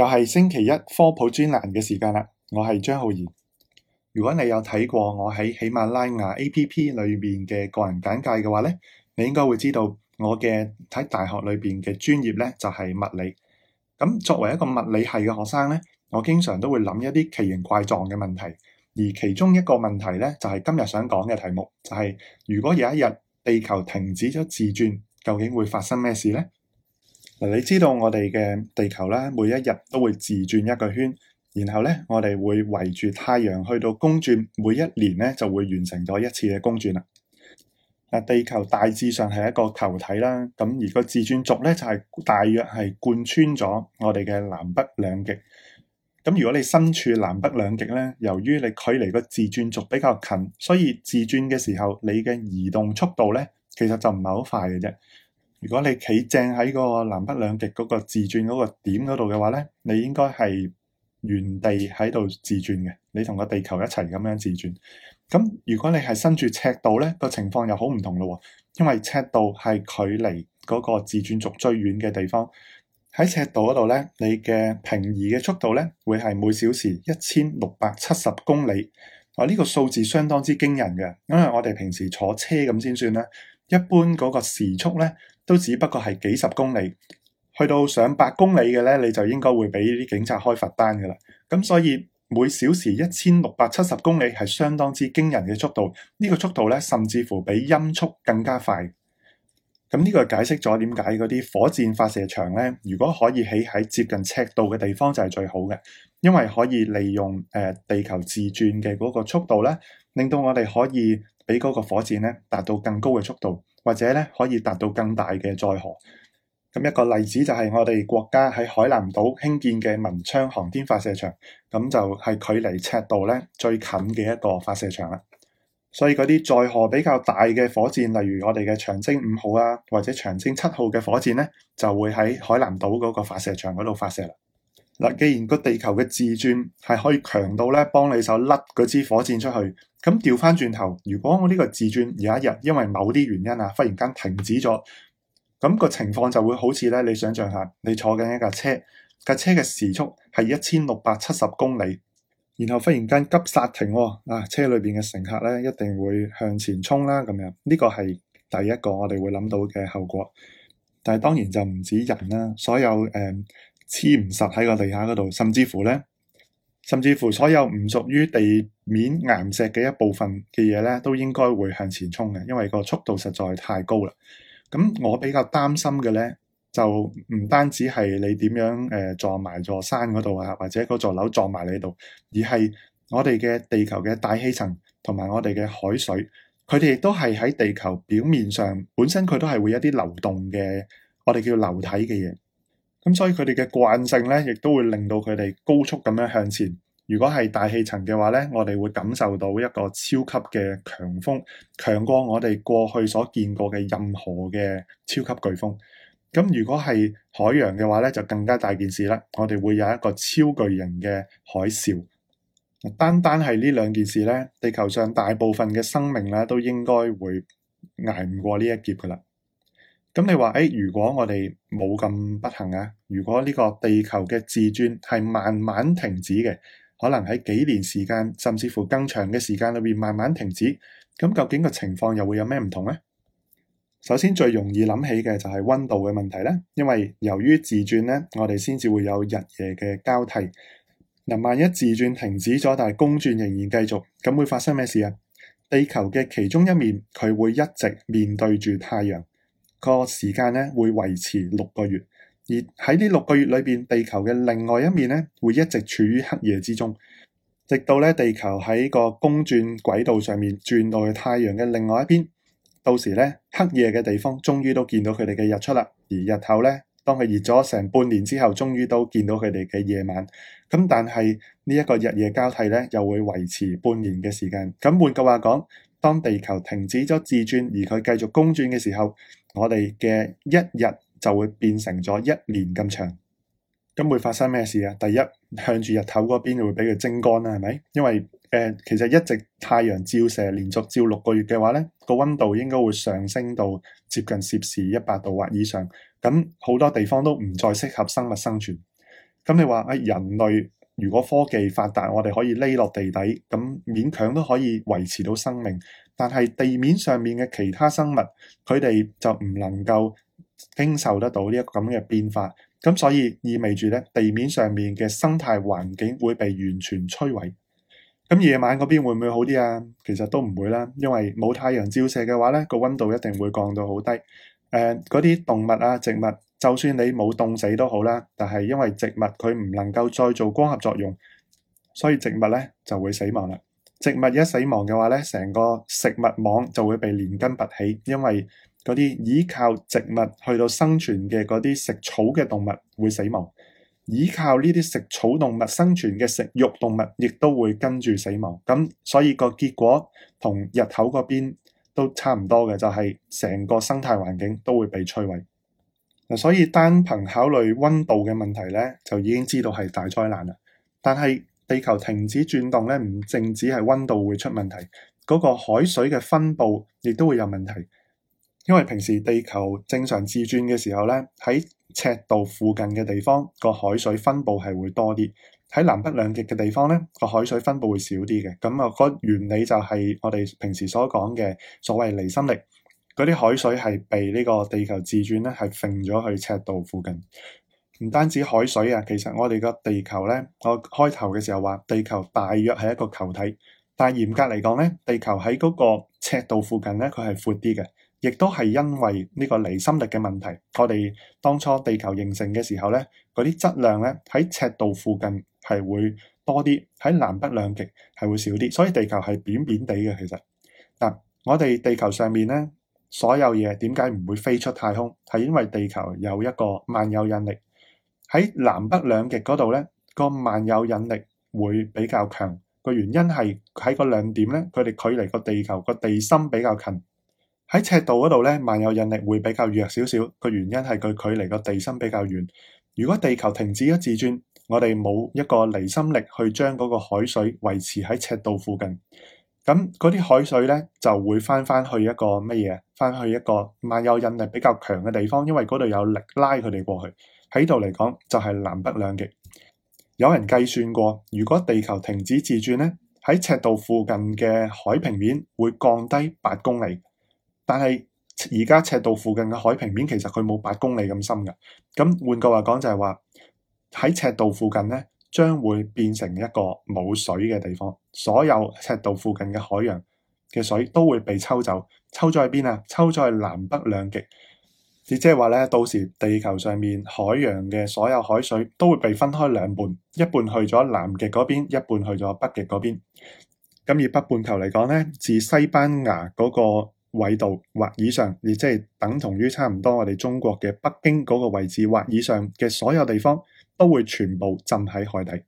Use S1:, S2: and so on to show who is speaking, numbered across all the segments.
S1: 又係星期一科普專欄嘅時間啦，我係張浩然。如果你有睇過我喺喜馬拉雅 APP 裏面嘅個人簡介嘅話呢，你應該會知道我嘅喺大學裏邊嘅專業呢就係物理。咁作為一個物理系嘅學生呢，我經常都會諗一啲奇形怪狀嘅問題，而其中一個問題呢，就係今日想講嘅題目，就係如果有一日地球停止咗自轉，究竟會發生咩事呢？嗱，你知道我哋嘅地球咧，每一日都會自轉一個圈，然後咧，我哋會圍住太陽去到公轉，每一年咧就會完成咗一次嘅公轉啦。嗱，地球大致上係一個球體啦，咁而個自轉軸咧就係大約係貫穿咗我哋嘅南北兩極。咁如果你身處南北兩極咧，由於你距離個自轉軸比較近，所以自轉嘅時候你嘅移動速度咧，其實就唔係好快嘅啫。如果你企正喺個南北兩極嗰個自轉嗰個點嗰度嘅話咧，你應該係原地喺度自轉嘅，你同個地球一齊咁樣自轉。咁如果你係身住赤道咧，個情況又好唔同咯喎，因為赤道係距離嗰個自轉軸最遠嘅地方。喺赤道嗰度咧，你嘅平移嘅速度咧，會係每小時一千六百七十公里。啊，呢個數字相當之驚人嘅，因為我哋平時坐車咁先算啦，一般嗰個時速咧，都只不過係幾十公里，去到上百公里嘅咧，你就應該會俾啲警察開罰單嘅啦。咁所以每小時一千六百七十公里係相當之驚人嘅速度，呢個速度咧，甚至乎比音速更加快。咁呢個解釋咗點解嗰啲火箭發射場咧，如果可以起喺接近赤道嘅地方就係最好嘅，因為可以利用誒、呃、地球自轉嘅嗰個速度咧，令到我哋可以俾嗰個火箭咧達到更高嘅速度。或者咧可以達到更大嘅載荷，咁一個例子就係我哋國家喺海南島興建嘅文昌航天發射場，咁就係距離赤道咧最近嘅一個發射場啦。所以嗰啲載荷比較大嘅火箭，例如我哋嘅長征五號啊，或者長征七號嘅火箭咧，就會喺海南島嗰個發射場嗰度發射啦。嗱，既然個地球嘅自轉係可以強到咧幫你手甩嗰支火箭出去，咁調翻轉頭，如果我呢個自轉有一日因為某啲原因啊，忽然間停止咗，咁個情況就會好似咧，你想象下，你坐緊一架車，架車嘅時速係一千六百七十公里，然後忽然間急煞停喎，啊，車裏邊嘅乘客咧一定會向前衝啦，咁樣呢個係第一個我哋會諗到嘅後果。但係當然就唔止人啦，所有誒。嗯黐唔實喺個地下嗰度，甚至乎呢，甚至乎所有唔屬於地面岩石嘅一部分嘅嘢呢，都應該會向前衝嘅，因為個速度實在太高啦。咁我比較擔心嘅呢，就唔單止係你點樣誒、呃、撞埋座山嗰度啊，或者嗰座樓撞埋你度，而係我哋嘅地球嘅大氣層同埋我哋嘅海水，佢哋亦都係喺地球表面上本身佢都係會有一啲流動嘅，我哋叫流體嘅嘢。咁所以佢哋嘅慣性咧，亦都會令到佢哋高速咁樣向前。如果係大氣層嘅話咧，我哋會感受到一個超級嘅強風，強過我哋過去所見過嘅任何嘅超級颶風。咁如果係海洋嘅話咧，就更加大件事啦。我哋會有一個超巨型嘅海嘯。單單係呢兩件事咧，地球上大部分嘅生命咧，都應該會捱唔過呢一劫噶啦。咁你話誒、哎，如果我哋冇咁不幸啊，如果呢個地球嘅自轉係慢慢停止嘅，可能喺幾年時間，甚至乎更長嘅時間裏邊慢慢停止，咁究竟個情況又會有咩唔同呢？首先最容易諗起嘅就係溫度嘅問題啦，因為由於自轉呢，我哋先至會有日夜嘅交替。嗱，萬一自轉停止咗，但係公轉仍然繼續，咁會發生咩事啊？地球嘅其中一面佢會一直面對住太陽。個時間咧會維持六個月，而喺呢六個月裏邊，地球嘅另外一面咧會一直處於黑夜之中，直到咧地球喺個公轉軌道上面轉到去太陽嘅另外一邊，到時咧黑夜嘅地方終於都見到佢哋嘅日出啦。而日頭咧，當佢熱咗成半年之後，終於都見到佢哋嘅夜晚。咁但係呢一個日夜交替咧，又會維持半年嘅時間。咁換句話講。當地球停止咗自轉而佢繼續公轉嘅時候，我哋嘅一日就會變成咗一年咁長。咁會發生咩事啊？第一，向住日頭嗰邊會俾佢蒸乾啦，係咪？因為誒、呃，其實一直太陽照射連續照六個月嘅話咧，個温度應該會上升到接近攝氏一百度或以上。咁好多地方都唔再適合生物生存。咁你話啊、哎，人類？如果科技發達，我哋可以匿落地底，咁勉強都可以維持到生命。但係地面上面嘅其他生物，佢哋就唔能夠經受得到呢一個咁嘅變化。咁所以意味住咧，地面上面嘅生態環境會被完全摧毀。咁夜晚嗰邊會唔會好啲啊？其實都唔會啦，因為冇太陽照射嘅話咧，個温度一定會降到好低。誒，嗰啲動物啊，植物。就算你冇凍死都好啦，但係因為植物佢唔能夠再做光合作用，所以植物呢就會死亡啦。植物一死亡嘅話呢，成個食物網就會被連根拔起，因為嗰啲依靠植物去到生存嘅嗰啲食草嘅動物會死亡，依靠呢啲食草動物生存嘅食肉動物亦都會跟住死亡。咁所以個結果同日頭嗰邊都差唔多嘅，就係成個生態環境都會被摧毀。所以單憑考慮温度嘅問題咧，就已經知道係大災難啦。但係地球停止轉動咧，唔淨止係温度會出問題，嗰個海水嘅分布亦都會有問題。因為平時地球正常自轉嘅時候咧，喺赤道附近嘅地方個海水分布係會多啲，喺南北兩極嘅地方咧，個海水分布會少啲嘅。咁啊，個原理就係我哋平時所講嘅所謂離心力。嗰啲海水係被呢個地球自轉咧，係揈咗去赤道附近。唔單止海水啊，其實我哋個地球咧，我開頭嘅時候話地球大約係一個球體，但係嚴格嚟講咧，地球喺嗰個赤道附近咧，佢係闊啲嘅，亦都係因為呢個離心力嘅問題。我哋當初地球形成嘅時候咧，嗰啲質量咧喺赤道附近係會多啲，喺南北兩極係會少啲，所以地球係扁扁地嘅。其實嗱，我哋地球上面咧。所有嘢點解唔會飛出太空？係因為地球有一個萬有引力。喺南北兩極嗰度呢個萬有引力會比較強。個原因係喺個兩點咧，佢哋距離個地球個地心比較近。喺赤道嗰度呢萬有引力會比較弱少少。個原因係佢距離個地心比較遠。如果地球停止咗自轉，我哋冇一個離心力去將嗰個海水維持喺赤道附近。咁嗰啲海水咧，就會翻翻去一個乜嘢？翻去一個萬有引力比較強嘅地方，因為嗰度有力拉佢哋過去。喺度嚟講，就係、是、南北兩極。有人計算過，如果地球停止自轉咧，喺赤道附近嘅海平面會降低八公里。但係而家赤道附近嘅海平面其實佢冇八公里咁深噶。咁換句話講，就係話喺赤道附近咧。將會變成一個冇水嘅地方，所有赤道附近嘅海洋嘅水都會被抽走，抽咗喺邊啊？抽咗喺南北兩極，亦即係話咧，到時地球上面海洋嘅所有海水都會被分開兩半，一半去咗南極嗰邊，一半去咗北極嗰邊。咁、嗯、以北半球嚟講呢，自西班牙嗰個緯度或以上，亦即係等同於差唔多我哋中國嘅北京嗰個位置或以上嘅所有地方。都會全部浸喺海底，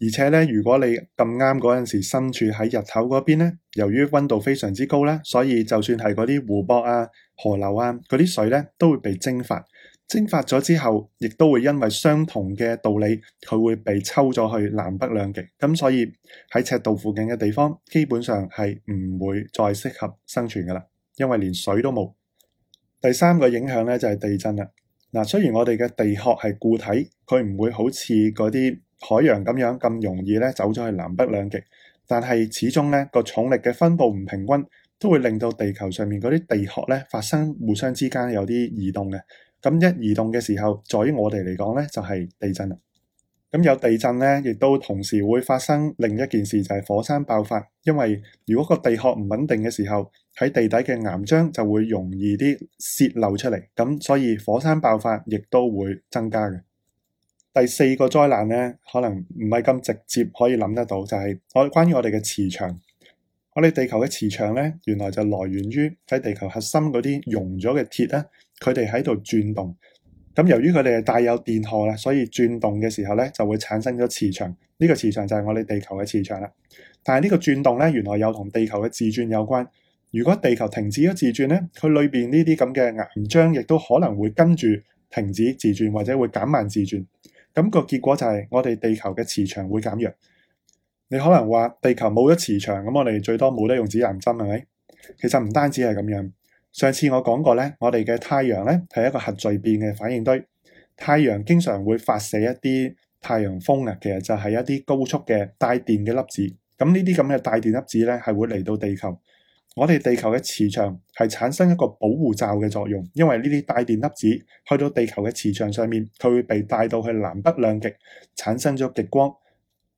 S1: 而且咧，如果你咁啱嗰陣時身處喺日頭嗰邊咧，由於溫度非常之高咧，所以就算係嗰啲湖泊啊、河流啊嗰啲水咧，都會被蒸發。蒸發咗之後，亦都會因為相同嘅道理，佢會被抽咗去南北兩極。咁所以喺赤道附近嘅地方，基本上係唔會再適合生存噶啦，因為連水都冇。第三個影響咧就係、是、地震啦。嗱，雖然我哋嘅地殼係固體，佢唔會好似嗰啲海洋咁樣咁容易咧走咗去南北兩極，但係始終咧個重力嘅分布唔平均，都會令到地球上面嗰啲地殼咧發生互相之間有啲移動嘅。咁一移動嘅時候，在於我哋嚟講咧，就係地震啦。咁有地震咧，亦都同時會發生另一件事，就係火山爆發。因為如果個地殼唔穩定嘅時候，喺地底嘅岩漿就會容易啲洩漏出嚟，咁所以火山爆發亦都會增加嘅。第四個災難咧，可能唔係咁直接可以諗得到，就係我關於我哋嘅磁場。我哋地球嘅磁場咧，原來就來源於喺地球核心嗰啲溶咗嘅鐵咧，佢哋喺度轉動。咁由於佢哋係帶有電荷咧，所以轉動嘅時候咧就會產生咗磁場。呢個磁場就係我哋地球嘅磁場啦。但係呢個轉動咧原來又同地球嘅自轉有關。如果地球停止咗自轉咧，佢裏邊呢啲咁嘅岩漿亦都可能會跟住停止自轉或者會減慢自轉。咁個結果就係我哋地球嘅磁場會減弱。你可能話地球冇咗磁場，咁我哋最多冇得用指南針係咪？其實唔單止係咁樣。上次我講過咧，我哋嘅太陽咧係一個核聚變嘅反應堆。太陽經常會發射一啲太陽風啊，其實就係一啲高速嘅帶電嘅粒子。咁呢啲咁嘅帶電粒子咧係會嚟到地球。我哋地球嘅磁場係產生一個保護罩嘅作用，因為呢啲帶電粒子去到地球嘅磁場上面，佢會被帶到去南北兩極，產生咗極光。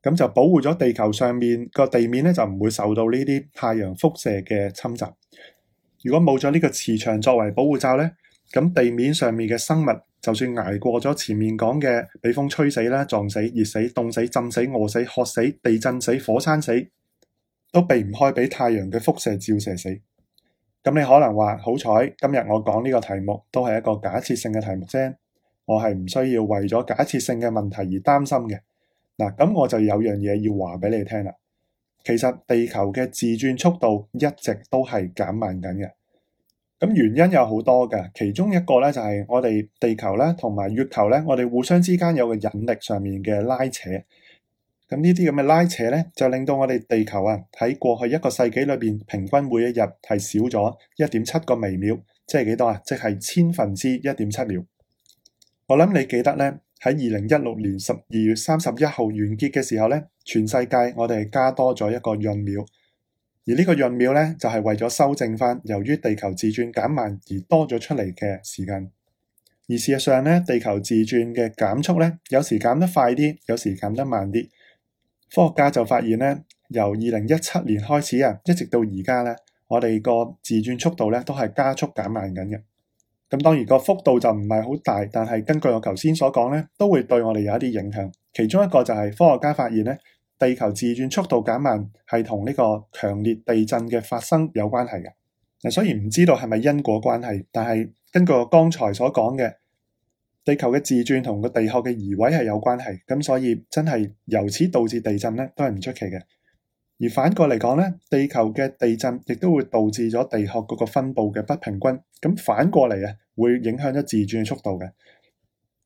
S1: 咁就保護咗地球上面個地面咧，就唔會受到呢啲太陽輻射嘅侵襲。如果冇咗呢個磁場作為保護罩呢，咁地面上面嘅生物就算挨過咗前面講嘅被風吹死啦、撞死、熱死、凍死、浸死、餓死、渴死、地震死、火山死，都避唔開俾太陽嘅輻射照射死。咁你可能話好彩，今日我講呢個題目都係一個假設性嘅題目啫，我係唔需要為咗假設性嘅問題而擔心嘅。嗱，咁我就有樣嘢要話俾你聽啦。其實地球嘅自轉速度一直都係減慢緊嘅，咁原因有好多嘅。其中一個咧就係我哋地球咧同埋月球咧，我哋互相之間有個引力上面嘅拉扯。咁呢啲咁嘅拉扯咧，就令到我哋地球啊喺過去一個世紀裏邊平均每一日係少咗一點七個微秒，即係幾多啊？即係千分之一點七秒。我諗你記得咧喺二零一六年十二月三十一號完結嘅時候咧。全世界我哋加多咗一個閏秒，而呢個閏秒呢，就係為咗修正翻由於地球自轉減慢而多咗出嚟嘅時間。而事實上呢，地球自轉嘅減速呢，有時減得快啲，有時減得慢啲。科學家就發現呢，由二零一七年開始啊，一直到而家呢，我哋個自轉速度呢，都係加速減慢緊嘅。咁當然個幅度就唔係好大，但係根據我頭先所講呢，都會對我哋有一啲影響。其中一個就係科學家發現呢。地球自轉速度減慢係同呢個強烈地震嘅發生有關係嘅。嗱，雖然唔知道係咪因果關係，但係根據剛才所講嘅，地球嘅自轉同個地殼嘅移位係有關係，咁所以真係由此導致地震呢都係唔出奇嘅。而反過嚟講呢，地球嘅地震亦都會導致咗地殼嗰個分佈嘅不平均，咁反過嚟啊，會影響咗自轉嘅速度嘅。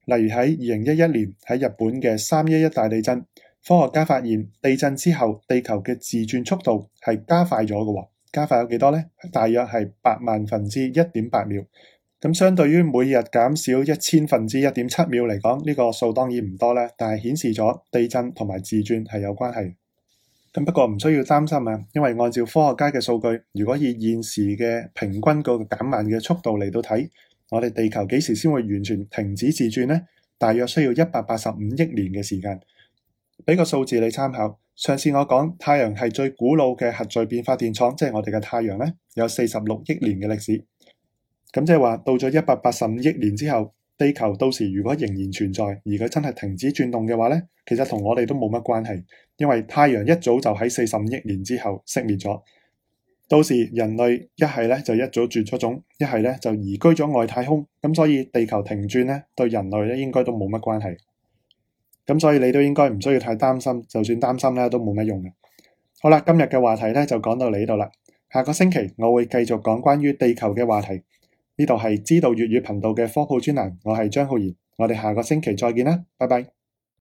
S1: 例如喺二零一一年喺日本嘅三一一大地震。科學家發現地震之後，地球嘅自轉速度係加快咗嘅、哦。加快有幾多呢？大約係八萬分之一點八秒。咁相對於每日減少一千分之一點七秒嚟講，呢個數當然唔多啦，但係顯示咗地震同埋自轉係有關係。咁不過唔需要擔心啊，因為按照科學家嘅數據，如果以現時嘅平均個減慢嘅速度嚟到睇，我哋地球幾時先會完全停止自轉呢？大約需要一百八十五億年嘅時間。俾個數字你參考，上次我講太陽係最古老嘅核聚變發電廠，即係我哋嘅太陽呢有四十六億年嘅歷史。咁即係話到咗一百八十五億年之後，地球到時如果仍然存在，而佢真係停止轉動嘅話呢其實同我哋都冇乜關係，因為太陽一早就喺四十五億年之後熄滅咗。到時人類一係呢就一早絕咗種，一係呢就移居咗外太空。咁所以地球停轉呢，對人類呢應該都冇乜關係。咁所以你都應該唔需要太擔心，就算擔心咧都冇乜用嘅。好啦，今日嘅話題咧就講到呢度啦。下個星期我會繼續講關於地球嘅話題。呢度係知道粵語頻道嘅科普專欄，我係張浩然，我哋下個星期再見啦，拜拜。